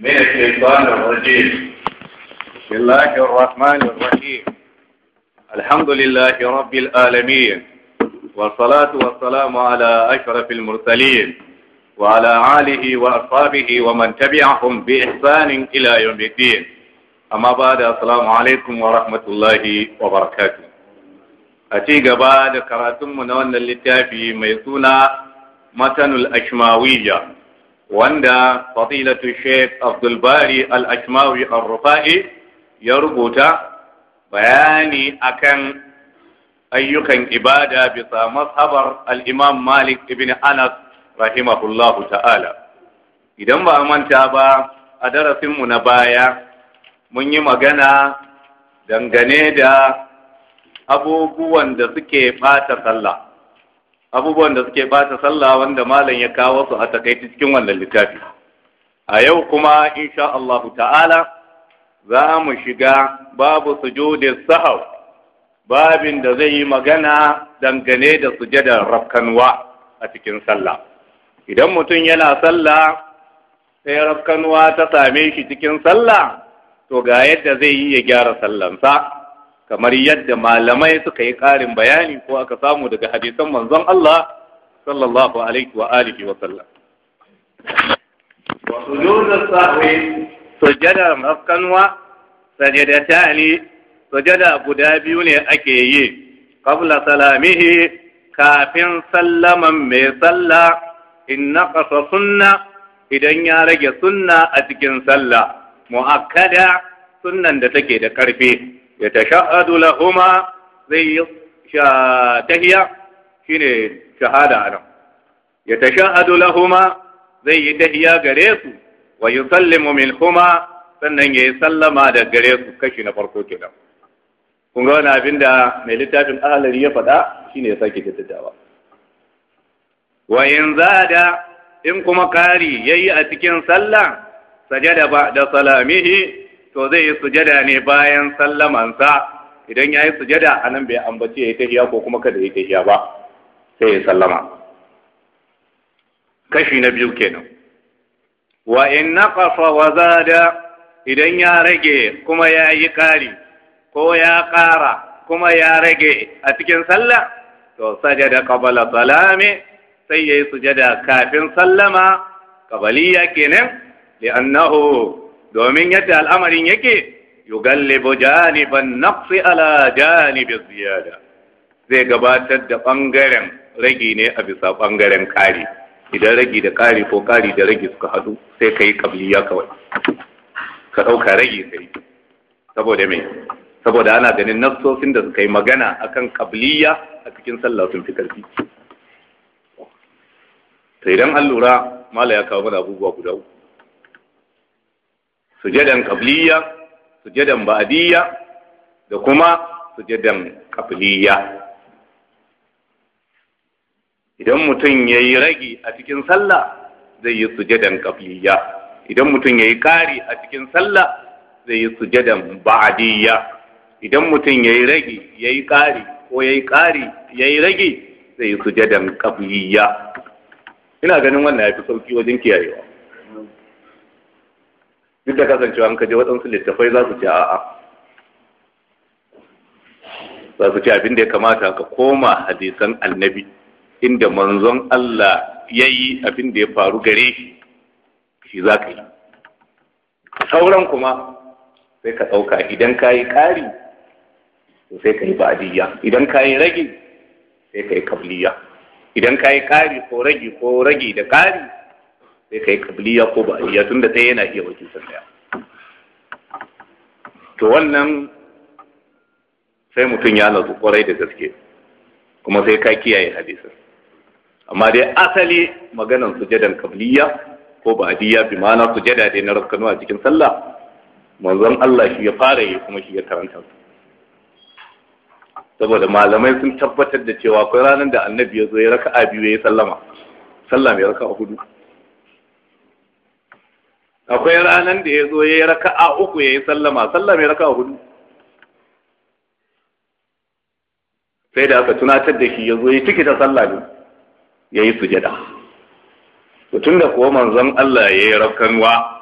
من الشيطان الرجيم بسم الله الرحمن الرحيم الحمد لله رب العالمين والصلاة والسلام على أشرف المرسلين وعلى آله وأصحابه ومن تبعهم بإحسان إلى يوم الدين أما بعد السلام عليكم ورحمة الله وبركاته أتي قبال كراتم من أن اللتافي ميسونا متن الأشماوية wanda fadilatu Sheikh Abdul Bari Al-Ajmawi Ar-Rufa'i ya rubuta bayani akan ayyukan ibada bisa mazhabar al-Imam Malik ibn Anas rahimahullah ta'ala idan ba manta ba a darasinmu na baya mun yi magana dangane da abubuwan da suke ɓata sallah abubuwan da suke bata sallah wanda malam ya kawo su a takaici cikin wannan littafi a yau kuma insha Allah ta'ala za mu shiga babu sujudin sahau babin da zai yi magana dangane da sujadar rafkanwa a cikin sallah idan mutum yana sallah sai rafkanwa ta same shi cikin sallah to ga yadda zai yi ya gyara sallansa kamar yadda malamai suka yi ƙarin bayani ko aka samu daga hadisan manzon Allah sallallahu alaihi wa alihi wa sallam wa sujudus sahwi sujada mafkanwa sajadatani sujada guda biyu ne ake yi qabla salamihi kafin sallaman mai sallah in naqasa sunna idan ya rage sunna a cikin sallah mu'akkada sunnan da take da karfi ya tashahadu lahuma zai yi tahiya shine shahada anan ya tashahadu lahuma zai yi tahiya gare su wa yusallimu minhuma sannan ya yi sallama da gare su kashi na farko kenan kun ga wani abin da mai littafin ahalari ya faɗa shine ya sake tattatawa wa in zada in kuma kari yayi a cikin sallah sajada ba da salamihi to zai yi sujada ne bayan sallamansa idan ya yi sujada a nan bai ambaci ya yi tahiya ko kuma kada ya yi tahiya ba sai ya sallama kashi na biyu kenan wa in naqasa wa zada idan ya rage kuma ya yi ƙari ko ya ƙara kuma ya rage a cikin sallah to sajada qabala salami sai ya yi sujada kafin sallama qabaliya kenan li'annahu domin yadda al'amarin yake yugallibu janiban naqsi ala janibin ziyada zai gabatar da ɓangaren ragi ne a bisa ɓangaren kari idan ragi da kari ko kari da ragi suka haɗu, sai ka yi kabliya kawai ka ɗauka ragi sai saboda mai saboda ana ganin nassosin da suka yi magana akan kabliya a cikin sallah sun fi ƙarfi. idan an lura mala ya kawo mana abubuwa guda uku sujadan kabliya sujadan ba'diyya da kuma sujadan kabliya idan mutum yayi ragi a cikin sallah zai yi sujadan kabliya idan mutum yayi kari a cikin sallah zai yi sujadan ba'diyya idan mutum yayi ragi yayi kari ko yayi kari yayi ragi zai yi sujadan kabliya ina ganin wannan fi sauki wajen kiyayewa da kasancewa an kaje waɗansu littafai za su ce a'a za su ce abin da ya kamata ka koma hadisan annabi inda manzon Allah ya yi abin da ya faru gare shi shi za ka yi sauran kuma sai ka ɗauka idan ka yi ƙari sai ka yi ba'adiyya idan ka yi rage sai ka yi kabliya idan ka yi ƙari ko rage ko rage da ƙari sai kai kabiliya ko ya tunda ta yana iya wakiltar daya to wannan sai mutum ya nazu kwarai da gaske kuma sai ka kiyaye hadisin amma dai asali maganan sujadan kabiliya ko adiya bi ma'ana sujada dai na rakkanu a cikin sallah manzon Allah shi ya fara yi kuma shi ya karanta saboda malamai sun tabbatar da cewa akwai ranar da annabi ya zo ya raka'a biyu ya sallama, sallama ya mai raka'a hudu akwai ranar da ya zo ya yi raka'a uku ya yi sallama sallama ya raka'a hudu sai da aka tunatar da shi ya zo ya ciki ta sallah ya yi sujada Mutum da kuwa manzon Allah ya yi rakanwa